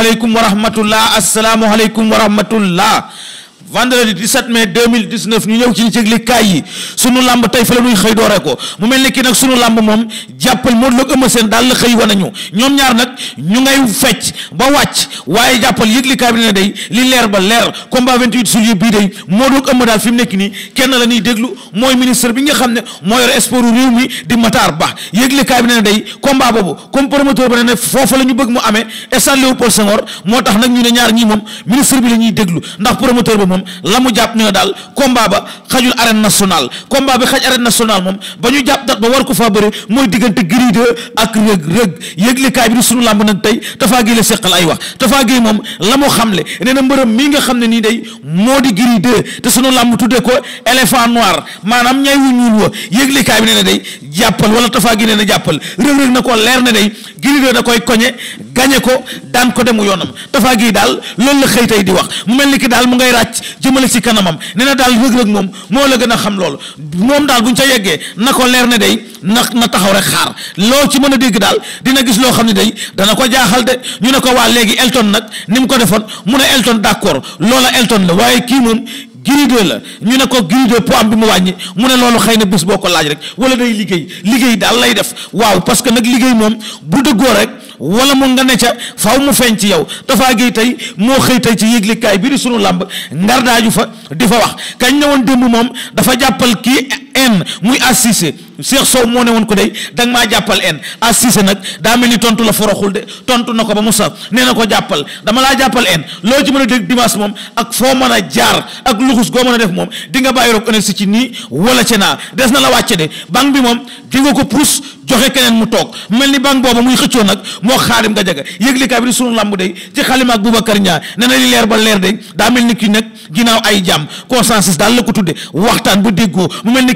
asalaamualeykum wa rahmatullah asalaamualeykum wa rahmatullah vendredi 17 mai 2019 ñu ñëw ci yëglikaay yi sunu làmb tey fa la ñuy xëy doore ko mu mel ni ki nag sunu làmb moom jàppal Modou Lo ak Eumeu Sène daal la xëy wa nañu ñoom ñaar nag ñu ngay fecc ba wàcc waaye jàppal yëglikaay bi ne day li leer ba leer combat 28 juillet bii day Modou Lo ak Eumeu daal fi mu nekk nii bi nga xam ne moo yor sport Ba yëglikaay bi ne day combat boobu comme promoteur ba ne ne moo tax nag ñu ne ñaar ñii la ñuy déglu ndax promoteur ba moom la mu jàpp ne daal combat ba xajul arène nationale combat bi xaj arène nationale moom ba ñu jàpp dat ba war ko faa bëri mooy digg te Gris ak Reug Reug yëglekaay bi di sunu làmb nag tey Tapha Gueye la seqal ay wax Tapha Gueye moom la mu xamle nee na mbërëm mii nga xam ne nii day moo di Gris 2 te sunu làmb tuddee ko éléphant noir maanaam ñay wu ñuul wa yëglekaay bi nee na day jàppal wala tafaa Gueye nee na jàppal Reug Reug na ko leer na day Gris na koy koñe gañe ko daan ko demu yoonam dafaa gii daal loolu la xëy tey di wax mu mel ni ki daal mu ngay ràcc jëmale si kanamam nee na daal rëg-rëg moom moo la gën a xam loolu moom daal bu ñu ca yeggee na ko leer ne day na na taxaw rek xaar loo ci mën a dégg daal dina gis loo xam ne day dana ko jaaxal de ñu ne ko waa léegi Elton nag ni mu ko defoon mu ne Elton d'accord loola Elton la waaye kii moom gridé la ñu ne ko gridé po am bi mu wàññi mu ne loolu xëy na bés boo ko laaj rek wala day liggéey liggéey daal lay def waaw parce que nag liggéey moom bu dëggoo rek wala mu nga ne ca faaw mu feeñ ci yow dafa géey tey moo xëy tey ci yëglikaay bi di sunu làmb ngar daaju fa di fa wax kañ ne woon démb moom dafa jàppal kii en muy assise Cheikh Sow moo ne woon ko day da nga maa jàppal en assise nag daa mel ni tontu la foroxul de tontu na ko ba mu saf nee na ko jàppal dama laa jàppal en loo ci mën a dégg dimanche moom ak foo mën a jaar goo mën a def moom di nga bàyyi roog énergie ci nii wala ci naa des na la wàcce de banque bi moom di nga ko pousse joxe keneen mu toog mel ni banque booba muy xëccoo nag moo xaadim nga jaga yëglikaay bi di sunu làmb day ci xalima ak ñaa nee na li leer ba leer day daa mel ni ki nag ginnaaw ay jàmm consensus daal la ko tudde waxtaan bu déggoo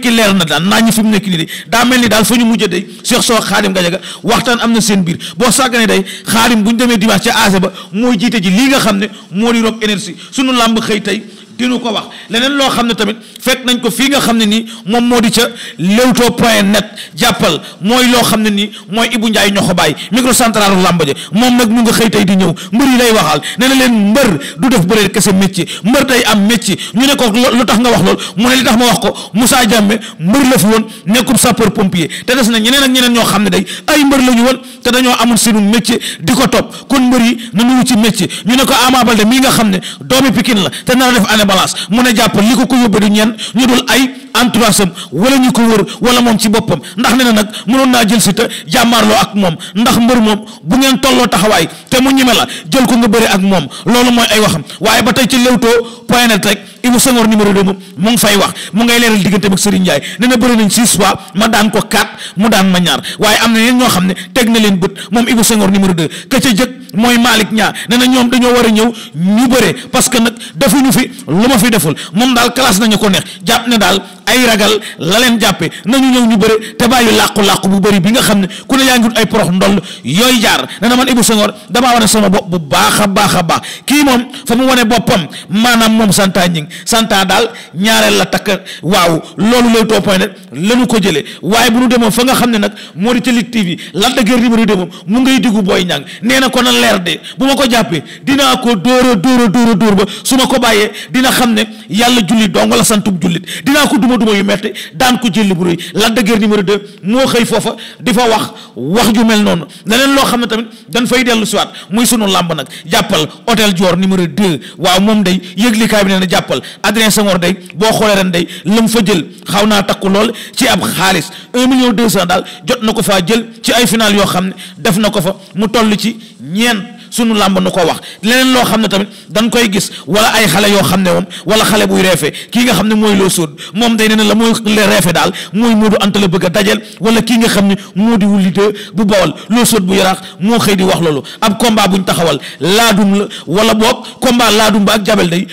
ki leer na daal naa ñu fi nekk nii de daa mel ni daal fa ñu mujjee day Cheikh Sow Xaadim Gajaga waxtaan am na seen biir boo sàggane day Xaadim bu ñu demee dimanche ca AG ba mooy jiite ji lii nga xam ne moo di Rock Énergie sunu làmb xëy tey dinu ko wax leneen loo xam ne tamit fekk nañ ko fii nga xam ne nii moom moo di ca leewtoo point net jàppal mooy loo xam ne nii mooy Ibou Ndiaye ñoxo baay microcentral làmb moom nag mu nga xëy tey di ñëw mbër yi lay waxal nee na leen mbër du def bëree kese métier mbër day am métier ñu ne ko lu tax nga wax lool mu ne li tax ma wax ko musaa Diame mbër la fi woon nekkub sapeur pompier te des na ñeneen ak ñeneen ñoo xam ne day ay mbër la ñu woon te dañoo amul seenu métier di ko topp kon mbër yi nañu ci métier ñu ne ko Ama mii nga xam ne doomi Pikine la ne balance mu ne jàpp li ko ko yóbbee du ñeen ñu dul ay entourage am ñu ko wër wala moom ci boppam ndax ne na nag mënoon naa jël Siteu jàmmaarloo ak moom ndax mbër moom bu ngeen tolloo taxawaay te mu ñime la jël ko nga bëri ak moom loolu mooy ay waxam waaye ba tey ci Leewtoo point net rek Iba Senghor numéro 2 moom mu ngi fay wax mu ngay leeral diggante ak Serigne Ndiaye nee na bëri nañ six ma daan ko quatre mu daan ma ñaar waaye am na ñeen ñoo xam ne teg na leen bët moom Iba Senghor numéro 2 ka jëkk mooy Malick Niang nee na ñoom dañoo war a ñëw ñu bëre parce que nag defuñu fi lu ma fi deful moom daal classe nañu ko neex jàpp ne daal ay ragal la leen jàppe nañu ñëw ñu bëre te bàyyi làqu-làqu bu bëri bi nga xam ne ku ne yaa ngi ay porox ndoll yooyu jaar nee na man Iba Senghor damaa wane sama bopp bu baax a baax a baax kii moom fa mu wane boppam maanaam moom santaa ñing santa daal ñaareel la takk waaw loolu Leewtoo point net lañu ko jëlee waaye bu nu demoon fa nga xam ne nag moo di ca Lutte TV Lac de Guiers numéro deux moom mu ngay diggu Boy Niang nee na ko na leer de bu ma ko jàppee dinaa ko dóora dóora dóora dóor ba su ma ko bàyyee dina xam ne yàlla julli dong la santub jullit dinaa ko duma duma yu metti daan ko jëlli bu rëy Lac de Guiers numéro deux moo xëy foofa di fa wax wax ju mel noonu leneen loo xam ne tamit dañ fay dellu siwaat muy sunu làmb nag jàppal hôtel Dior numéro deux waaw moom day yëglikaay bi nee jàppal Adrien Senghor day boo xoolee ren day lëm fa jël xaw naa takku lool ci ab xaalis un million deux cent daal jot na ko faa jël ci ay final yoo xam ne def na ko fa mu toll ci ñeent sunu làmb nu ko wax leneen loo xam ne tamit danga koy gis wala ay xale yoo xam ne moom wala xale buy reefe kii nga xam ne mooy loo sóot moom day nee na la mooy reefe daal mooy Modou Anta bëgg a dajeel wala kii nga xam ne moo di wulli bu bawal loo sóot bu yaraax moo xëy di wax loolu ab combat buñ taxawal laadum wala boog combat laadum ba ak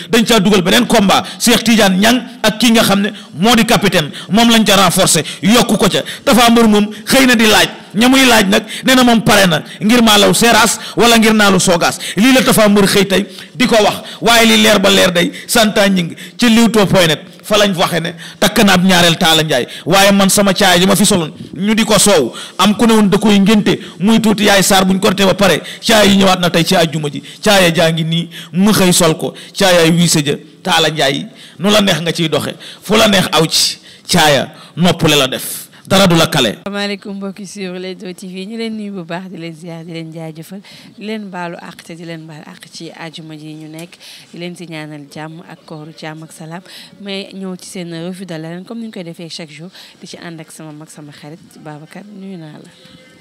dañ caa dugal beneen combat Cheikh Tidiane Niang ak kii nga xam ne moo di capitaine moom lañ ca renforcer yokk ko ca dafa mbër moom xëy na di laaj ña laaj nag nee na moom pare na ngir maa law seeraas wala ngir naa lu soogaas lii la Tapha Mbeur xëy tey di ko wax waaye li leer ba leer day Santa Gningue ci Leewtoo point net fa lañ waxe ne takk na ab ñaareel taala njaay waaye man sama caay ji ma fi soloon ñu di ko soow am ku ne woon da koy ngénte muy tuuti yaay saar buñ ko rete ba pare caay yi ñëwaat na tey ci àjjuma ji caaya jaa ngi nii mu xëy sol ko caayaay wiise ja taala njaay nu la neex nga ciy doxe fu la neex aw ci caaya noppale la def dara du la kale. asalaamaaleykum mbokki suivre Leewtoo TV ñu leen nuyu bu baax di leen ziar di leen jaajëfal di leen baalu àq te di leen baal àq ci ajuma ji ñu nekk di leen si ñaanal jàmm ak kooru jàmm ak salaam mais ñëw ci seen revue de leen comme ni ñu koy defee chaque jour di ci ànd ak sama mag sama xarit baabakat nuyu naa la.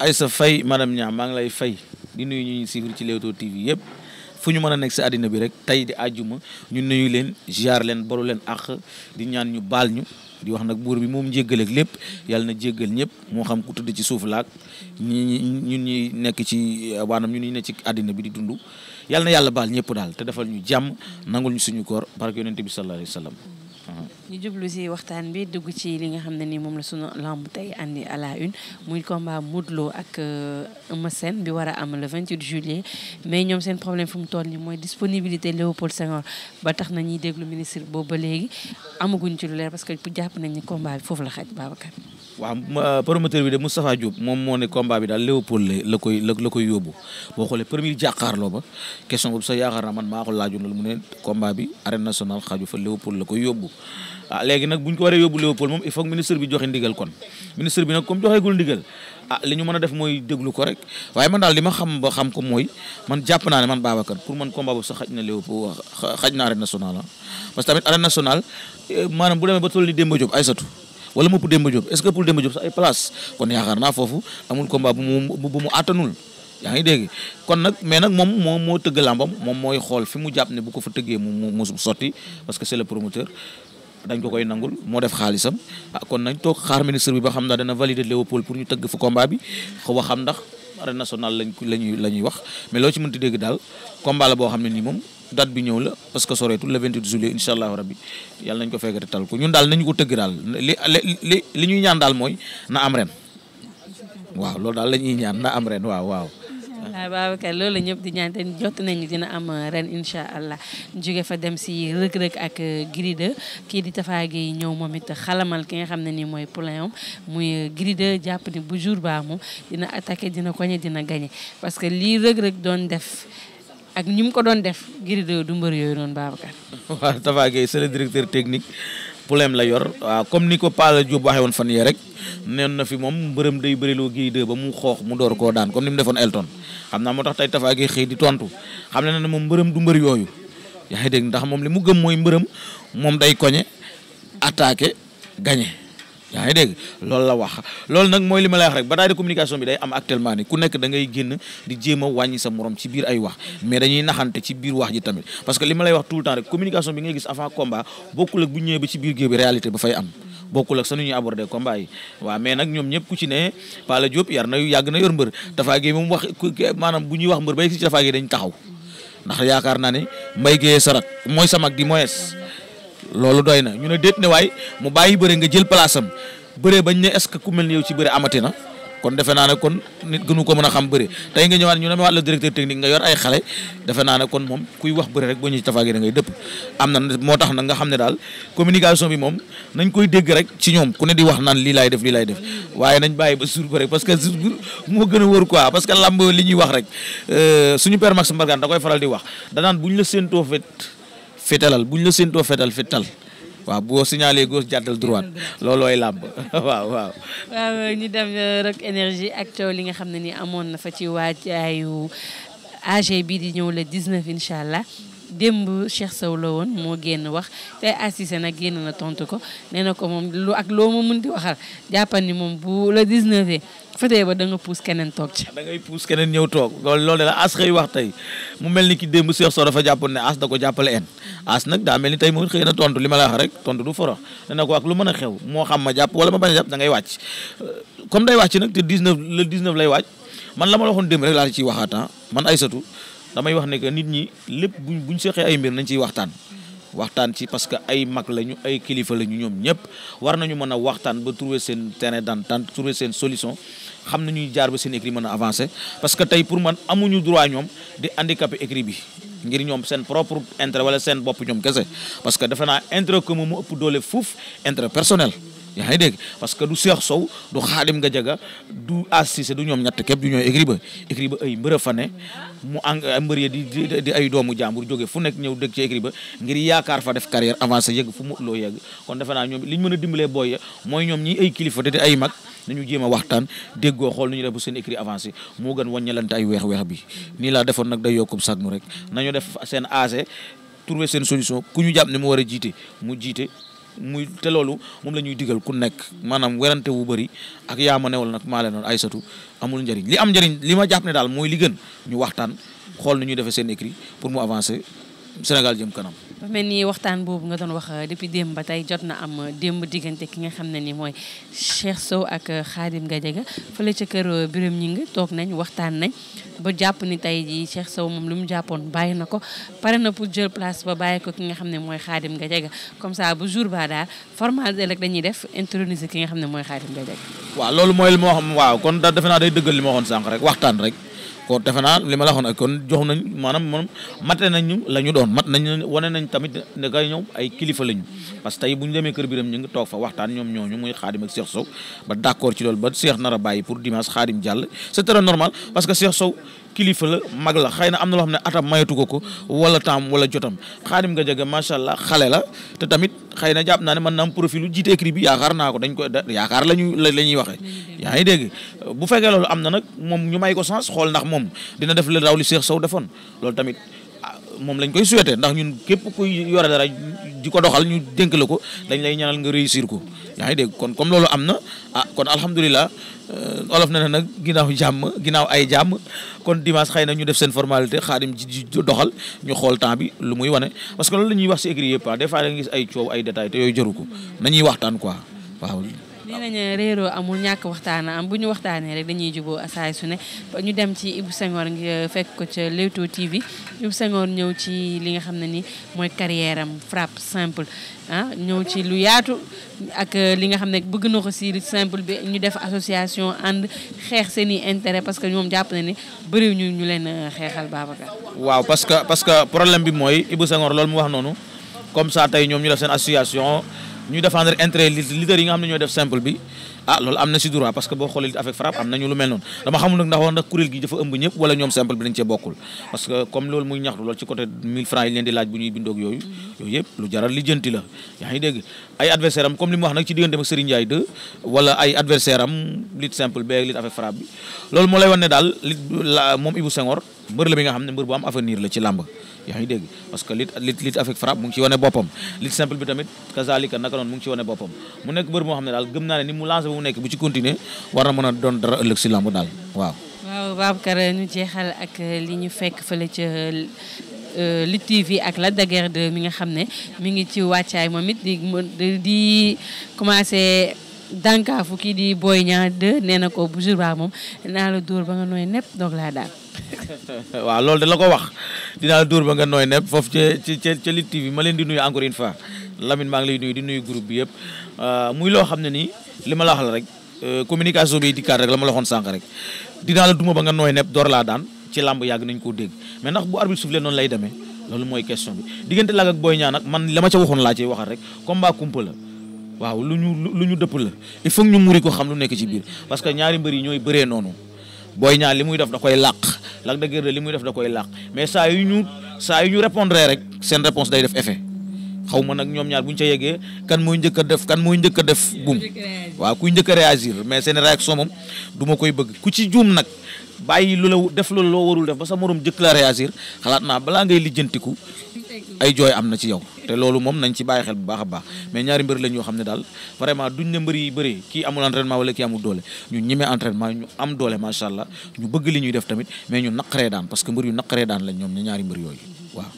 Aïssa Faye madame Niang maa ngi lay fay di nuyu ñu ñu suivre ci Leewtoo TV yëpp. fu ñu mën a nekk si àddina bi rek tey di àjjuma ñu nuyu leen ziar leen baru leen àq di ñaan ñu baal ñu di wax nag buur bi moom njéggal ak lépp yàlla na jéggal ñëpp moo xam ku tëdd ci suuf laak ñi ñun ñi nekk ci uh, waanam ñun ni nekk ci àddina bi di dund yàlla na yàlla baal ñëpp daal te defal ñu jàmm nangul ñu suñu koor barke yonente bi sallallahu alayhi wa ñu jublu si waxtaan bi dugg ci li nga xam ne ni moom la sunu lamb tey andi à la une muy combat Modou Lo ak euh, Eumeu Sène bi war a am le 28 juillet mais ñoom seen problème fu mu toll nii mooy disponibilité Léopold Senghor ba tax na ñuy déglu ministre boobu ba léegi amaguñ ci lu leer parce que bu jàpp nañ ni combat bi foofu la xaj Babacar. waaw promoteur bi de Moustapha Diop moom moo ne combat bi daal Léopold la la koy la koy yóbbu boo xoolee premier jàkkaarloo ba question boobu sax yaakaar naa man maa ko ne combat bi arène nationale xaju fa Léopold la koy yóbbu ah léegi nag bu ko waree yóbbu Léopold moom il faut ministre bi joxe ndigal kon ministre bi nag comme joxeegul ndigal ah li ñu a def mooy déglu ko rek waaye man daal li ma xam ba xam ko mooy man jàpp naa ne man Babacar pour man combat boobu sax na Léopold na ah. eh, ba toll ni wala mu pour Demba Diop est-ce que pour Demba Diop sax ay place kon yaakaar naa foofu amul combat bu mu bu mu àttanul yaa ngi dégg kon nag mais nag moom moo moo tëgg làmbam moom mooy xool fi mu jàpp ne bu ko fa tëggee mu mu sotti parce que c'est le promoteur dañ ko koy nangul moo def xaalisam ah kon nañ toog xaar ministre bi ba xam ndax dana valide Léopold pour ñu tëgg fa combat bi xaw a xam ndax arène nationale lañ la ñuy la ñuy wax mais loo ci mënti dégg daal combat boo xam ne nii moom date bi ñëw la parce que soreetul le 28 juillet incha allahu rabbi yàlla nañ ko fekkati tal ko ñun daal nañu ko tëgg daal li ñuy ñaan daal mooy na am ren waaw loolu daal la ñuy ñaan na am ren waaw waaw. waaw Babacar loolu ñëpp di ñaan te jot nañu dina am ren incha allah jóge fa dem si rëg-rëg ak Gris 2 kii di Tafa Gueye ñëw moom it xalamal ki nga xam ne nii mooy poulain am muy Gris 2 jàpp ni bu jour baa moom dina attaqué dina koñe dina gagné parce que ak ñi mu ko doon def Gris du mbër yooyu noonu Babacar. waaw Tapha Gueye c'est le directeur technique lem la yor waaw comme ni ko Pala Diop waxee woon fan yii rek neen na fi moom mbërëm day bëriloo Gris 2 ba mu xoox mu door koo daan comme ni mu defoon Elton xam naa moo tax tey Tapha Gueye xëy di tontu xam na ne moom mbërëm du mbër yooyu yaa ngi dégg ndax moom li mu gëm mooy mbërëm moom day koñe attaqué gagné. yaa ngi dégg loolu la wax loolu nag mooy li ma lay wax rek bataille de communication bi day am actuellement ni ku nekk da ngay génn di jéem a sa morom ci biir ay wax mais dañuy naxante ci biir wax ji tamit parce que li ma wax tout le temps rek communication bi ngay gis avant combat bokkul ak bu ñëwee ba ci biir géew réalité ba fay am bokkul ak sa nu ñuy aborder combat yi waaw mais nag ñoom ñëpp ku ci ne Pala Diop yar na yàgg na yor mbër Tapha Guèye moom wax ñuy wax dañ taxaw ndax yaakaar naa ne Mbaye Guèye sarak mooy sa mag di loolu doy na ñu ne déet ne waay mu bàyyi bëre nga jël place am bëre bañ ne est-ce que ku mel ni yow ci bëre amati na kon defe naa ne kon nit nu ko mën a xam bëre tey nga ñëwaat ñu ne la directeur technique nga yor ay xale defe naa ne moom kuy wax bëre rek ba ñu ci tafaagi ngay dëpp am na moo tax nag nga xam ne daal communication bi moom nañ koy dégg rek ci ñoom ku ne di wax naan lii laay def lii lay def waaye nañ bàyyi ba suur bëre parce que suur moo gën a wóor quoi parce que làmb li ñuy wax rek euh, suñu père Max Mbargane da koy faral di wax danaan bu ñu la séentoo fet fetalal buñ la séentoo fetal fetal waaw boo signalé gauche jàddal droite loolooy làmb waaw waaw. ñu dem euh, rek Énergie ak coow li nga xam ne ni amoon na fa ci waajaayu AG bii di ñëw le 19 incha allah. démb Cheikh Sow la woon moo génn wax tey assisé nag génn na tontu ko nee na ko moom ak loo ma mën di waxal jàppal ni moom bu la 19 fetee ba da nga puus keneen toog ci. puus keneen ñëw toog loolu loolu la as xëy wax mel ni ki démb Cheikh Sow dafa jàppoon ne as da jàppale en as nag daa mel ni tey moom xëy na tontu li ma la wax rek tontu du forox nee na ko ak lu mën a xew moo xam ma jàpp wala ma bañ a jàpp da ngay wàcc comme day wàcc nag te 19 le 19 lay wàcc man la ma la waxoon démb rek laa ciy waxaat ah. man Aïssatou damay wax ne que nit ñi lépp bu buñ seqee ay mbir nañ ciy waxtaan. waxtaan ci parce que ay mag lañu ay kilifa lañu ñoom ñëpp war nañu mën a waxtaan ba trouver seen terrain d'entente trouver seen solution xam nañuy jaar ba seen écrit mën a avancer parce que tey pour man amuñu droit ñoom di indi handicapé écrit bi ngir ñoom seen propre intérêt wala seen bopp ñoom kese parce que defe naa intérêt commun mu ëpp doole fuuf intérêt personnel. yaa ngi dégg parce que du Cheikh Sow du Xaadim nga jaga du assise du ñoom ñett képp du ñooy écrit ba écrit ba ay mbër a fa ne mu eng mbër di di ay doomu jàmbur jóge fu nekk ñëw dëkk ci écrit ba ngir yaakaar fa def carrière avancé yegg fu mu loo yegg kon defe naa ñoom li ñu mën a dimbalee booy ya mooy ñoom ñi ay kilifa di ay mag nañu a waxtaan déggoo xool nu ñu def bu seen écrit avancé moo gën wàññalante ay weex-weex bi nii laa defoon nag day yokkub sag nu rek nañu def seen âge trouver seen solution ku ñu jàpp ne mu war a jiite mu jiite muy te loolu moom la ñuy digal ku nekk maanaam werante wu bëri ak yaa ma newal nag maa leen noon ay satu amul njëriñ li am njëriñ li ma jàpp ne daal mooy li gën ñu waxtaan xool ni ñuy defee seen écrit pour mu avancer Sénégal jëm kanam ma mel waxtaan boobu nga doon wax euh, depuis démb ba tey jot na am euh, démb diggante ki nga xam ne ni mooy Cheikh Sow ak euh, Khadim Gadiaga fële ca kër Birame Gningue toog nañ waxtaan nañ ba jàpp ni tey jii Cheikh Sow moom lu mu jàppoon bàyyi na ko pare na pour jël place ba bàyyi ko ki nga xam ne mooy nga Gadiaga comme ça bu jour ba daal formalité rek dañuy def introniser ki nga xam ne mooy nga Gadiaga waaw loolu mooy li ma waaw kon da defe naa day dëggal li ma waxoon sànq rek waxtaan rek ko defe naa li ma la kon jox nañ maanaam moom mate nañ ñu la doon mat nañ tamit ne kay ñoom ay kilifa lañu parce que bu ñu demee kër biram ñu ngi toog fa waxtaan ñoom ñooñu muy xaadim ak Cheikh Sow ba d'accord ci loolu ba Cheikh nar a bàyyi pour dimanche xaadim jàll c'est très normal parce que Cheikh Sow kilifa la mag la xëy na am na loo xam ne atam mayatu ko ko wala taam wala jotam xaadim nga jege macha allah xale la te tamit xëy na jàpp naa ne mën na am profil lu jiite écrit bi yaakaar naa ko dañ ko yaakaar la ñuy la ñuy waxee yaa ngi dégg bu fekkee loolu am na nag moom ñu may ko sens xool ndax moom dina def la raw li Cheikh Sow defoon loolu tamit ah, moom lañ koy souhaité ndax ñun képp kuy yore dara di ko doxal ñu dénk la ko dañ lay ñaanal nga réussir ko yaa ngi dégg kon comme loolu am na ah kon alhamdulilah euh, olof na ne nag ginnaaw jàmm ginnaaw ay jàmm kon dimanche xëy na ñu def seen formalité xaadim ji doxal ñu xool temps bi lu muy wane parce que loolu la ñuy wax si écrit yëpp ah, des fois da nga ay coow ay détails te yooyu jëru ko ñuy waxtaan quoi waaw nee nañu réeroo amul ñàkk waxtaan bu ñu waxtaanee rek dañuy juboo asaay su ne ñu dem ci Ibou Senghor nga euh, fekk ko ca Leewtoo TV Ibou Senghor ñëw ci li nga xam ne ni mooy carrière am frappe simple ah ñëw ci lu yaatu ak euh, li nga xam ne bëgg na ko si simple bi ñu def association ànd xeex seen i intérêt parce que ñoom jàpp na ni bëriw ñu leen euh, xeexal Babacar. waaw parce que parce que problème bi mooy Ibou Senghor loolu mu wax noonu comme ça tey ñoom ñu def seen association. ñuy défendre intérêt leader yi nga xam ne ñooy def simple bi ah loolu am na si droit parce que boo xoolee avec frappe am nañu lu mel noonu dama xamul nag ndax war ndax kuréel gi dafa ëmb ñëpp wala ñoom simple bi dañ cee bokkul parce que comme loolu muy ñaxtu loolu ci côté 1000 francs yi leen di laaj bu ñuy bindoog yooyu yooyu yëpp lu jaral lijjanti la yaa ngi dégg ay adversaire am comme li mu wax nag ci diggante ak simple beeg lutte avec frappe bi loolu moo lay wan ne daal lutte moom Ibou Senghor mbër la bi nga xam ne mbër bu am la ci làmb yaa ngi dégg parce que lit lit lit mu ngi ci wane boppam lit simple bi tamit kazalika naka noonu mu ngi ci wane boppam mu nekk mbër moo nekk bu a doon ñu jeexal ak li ñu fekk euh, ak Lac de Guiers mi nga xam ne mi ngi ci wàccaay moom it di di commencé di Boy Niang 2 nee na ko bu jour baa moom naa la dóor ba nga nooy nepp doog laa daal waaw loolu de la ko wax dinaa dóor ba nga nooy nepp foofu ca ca ca Lutte TV ma leen di nuyu encore une fois Lamine maa ngi lay nuyu di nuyu groupe bi yëpp euh, muy loo xam ne nii li ma la wax rek euh, communication bi di kaat la ma la waxoon sànq rek dinaa la duma ba nga nooy nepp door laa daan ci làmb yàgg nañ koo dégg mais ndax bu arbitre soufflé noonu lay demee loolu mooy question bi diggante Lac ak Boy Niang nag la ma ca waxoon laa ci waxat rek combat kumpa la waaw lu ñu lu ñu dëpp la il faut ñu muri ko xam lu nekk ci biir parce que ñaari mbër yi ñooy bëree noonu Boy Niang li muy def da koy làq Lac de Guiers li muy def da koy làq mais saa yu ñu saa yu ñu répondre rek seen réponse day def effet xaw ma nag ñoom ñaar bu ñu ca yeggee kan mooy njëkk a def kan mooy njëkk a def buum waaw kuy njëkk réagir mais seen réaction moom duma koy bëgg ku ci juum nag bàyyi lu la def lu la loo warul def ba sa morom jëkk la réagir xalaat naa balaa ngay lijjantiku ay jooy am na ci yow te loolu moom nañ ci bàyyi xel bu baax a baax mais ñaari mbër lañ yoo xam ne daal vraiment duñ ne mbër yi bëree kii amul entraînement wala kii amul doole ñu ñime entraînement ñu am doole macha allah ñu bëgg li ñuy def tamit mais ñu naqaree daan parce que mbër yu naqaree daan lañ ñoom ñaari mbër yooyu waaw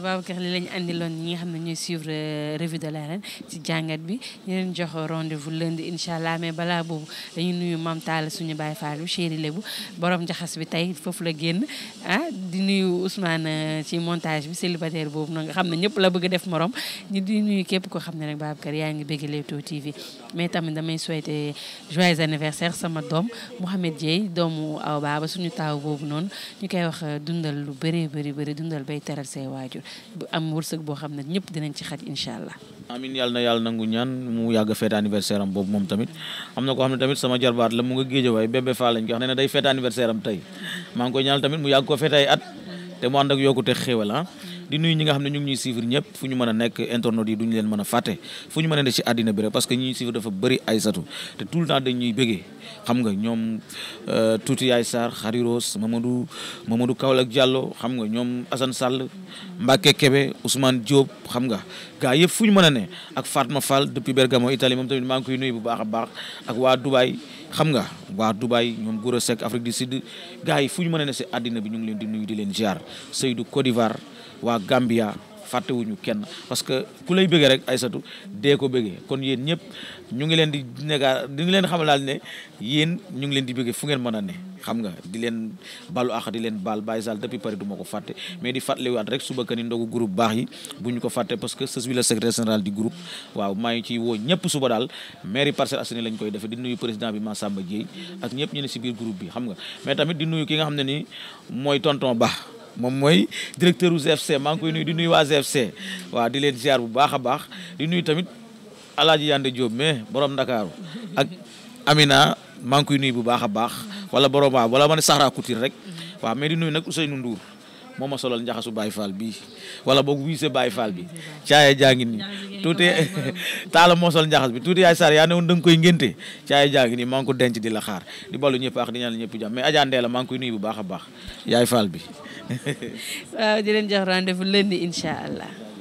waaw Babacar li lañu andiloon ñi nga xam ne ñuy suivre euh, revue de l'arène ci jàngat bi ñu jox rendez-vous lundi incha allah mais balaa boobu dañu nuyu Mame Talla suñu baay faal bi chéri Lebu borom jaxas bi tey foofu la génn ah di nuyu Ousmane euh, ci montage bi célibataire boobu noonu nga xam ne ñëpp la bëgg def morom ñu di nuyu képp ko xam ne rek Babacar yaa ngi bëgg Leewtoo TV mais tamit damay souhaiter joyeux anniversaire sama doom Mouhamed Dieye doomu aw baaba suñu taaw boobu noonu ñu koy wax euh, dundal lu bëree bëri bëri dundal bay teral say am wërsëg boo xam ne ñëpp dinañ ci xaj incha allah. amin yàlla na yàlla nangu ñaan mu yàgg fête anniversaire am boobu moom tamit am na ko xam ne tamit sama jarbaat la mu nga géej waay bébé fa lañ ko wax ne ne day fête anniversaire am tey maa ngi koy ñaanal tamit mu yàgg ko fête ay at te mu ànd ak yokkute xéwal ah di nuyu ñi nga xam ne ñu ngi ñuy suivre ñëpp fu ñu mën a nekk internautes yi du ñu leen mën a fàtte fu ñu mën a ne ci àddina parce que ñuy ay satu te tout le temps dañuy bëggee xam nga ñoom euh, tuuti yaay Sarr Xariros Mamadou Mamadou Kaolack Diallo xam nga ñoom Assane Sall Mbacke Kebe Ousmane Diop xam nga gaa yëpp fu ñu mën a ne ak Fatma Fall depuis Bergamo Italie moom tamit maa ngi koy nuyu bu baax a baax ak waa xam nga waa Dubaay ñoom Gora Seck Afrique du Sud gaa yi fu ñu mën a ne ci àddina bi ñu ngi leen di nuyu di leen ziar Seydou Côte d'Ivoire waa Gambia fàttewuñu kenn parce que ku lay bëggee rek Aysatu dee ko bëggee kon yéen ñëpp ñu ngi leen di nekka ñu ngi leen xamal daal ne yéen ñu ngi leen di bëggee fu ngeen mën a ne xam nga di leen balu ax di leen baal bàyyi sal depuis Paris du ma ko fàtte mais di fàttaliwaat rek suba ka ni ndogu groupe baax yi bu ñu ko fàtte parce que sës bi la secrétaire général du groupe waaw maa ngi ciy woo ñëpp suba daal mairie Parcelles Assainies lañ koy defee di nuyu président bi Massamba Dieye ñu ne si biir groupe bi xam nga mais tamit di ki nga xam ne ni mooy tonton moom mooy directeur u GFC maa ngi koy di nuy waa GFC waaw di leen ziar bu baax a baax di nuyu tamit alaaji Yande Diop mais borom Ndakaaru ak Amina maa ngi bu baax a baax wala borom waa wala ma ne Sahra rek waaw mais di nuyu nag Ousseynou moo ma solal njaxasu Baye Fall bi wala boog wiise Baye Fall bi caaye jaa ngi nii tuuti taala moo sol njaxas bi tuuti yaay Sarr yaa ne woon da nga koy ngénte caaye jaa nii maa ngi denc di la xaar di balu ñëpp ak di ñaanal ñëpp jàmm mais Adja Ndella maa ngi bu baax a baax yaay Fall bi waaw di leen jox rendez-vous allah.